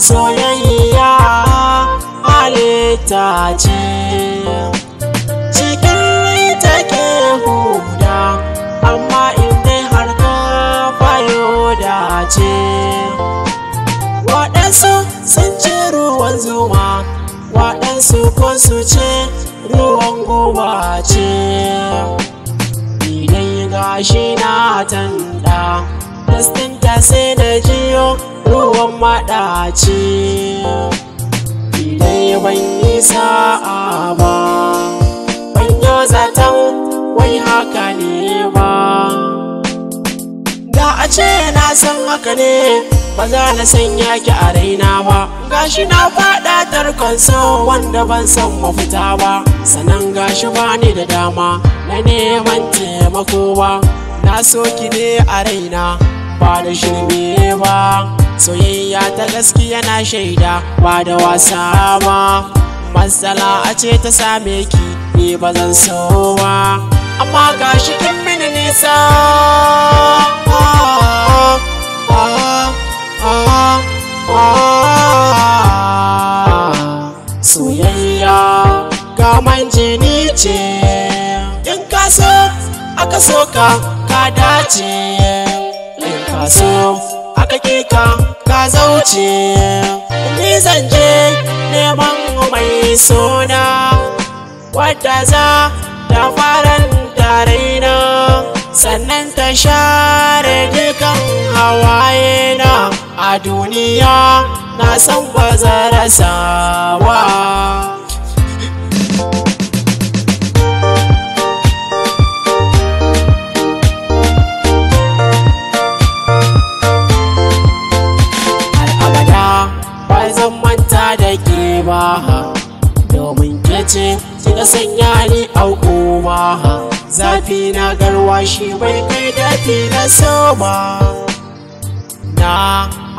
soyayya halitta ce cikin take ke huda amma inda har ka fayo dace waɗansu sun ci ruwan zuma waɗansu ko su ce ruwan guba ce idan gashi na tanda ta sai da jiyo ruwan maɗaci idan ban yi sa'a ba ban yi zaton wai haka ne ba da a ce na san haka ne ba za na ya ki a raina ba gashi na fada tarkon sau wanda ban san mafita ba sanan gashi ba ni da dama na neman taimako ba na so ki ne a raina ba da shirme ba soyayya ta gaskiya na shaida ba da wasa ba matsala a ce ta same ki ne ba zan so ba amma gashi kin mini nisa soyayya manje jini ce in ka so aka so ka ka dace su a kakika ka zauce ni zanje neman mai suna wadda za ta faranta raina sannan ta share dukan hawaye na a duniya na san ba za rasa zan manta da ke ba domin ke ce ga sanya ni auko ba zafi na shi bai kai dafi na so ba na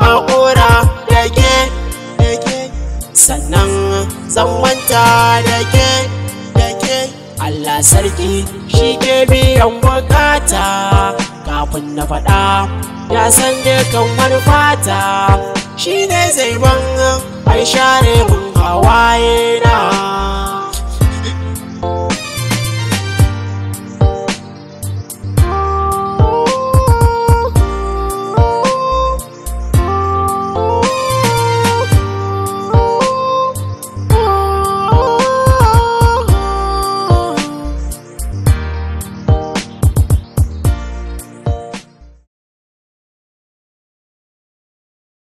haƙura da ke sannan zan manta da ke Allah sarki shi ke biyan bukata kafin na faɗa ya san dukan wani fata shi ne zai ban ai share mun hawaye na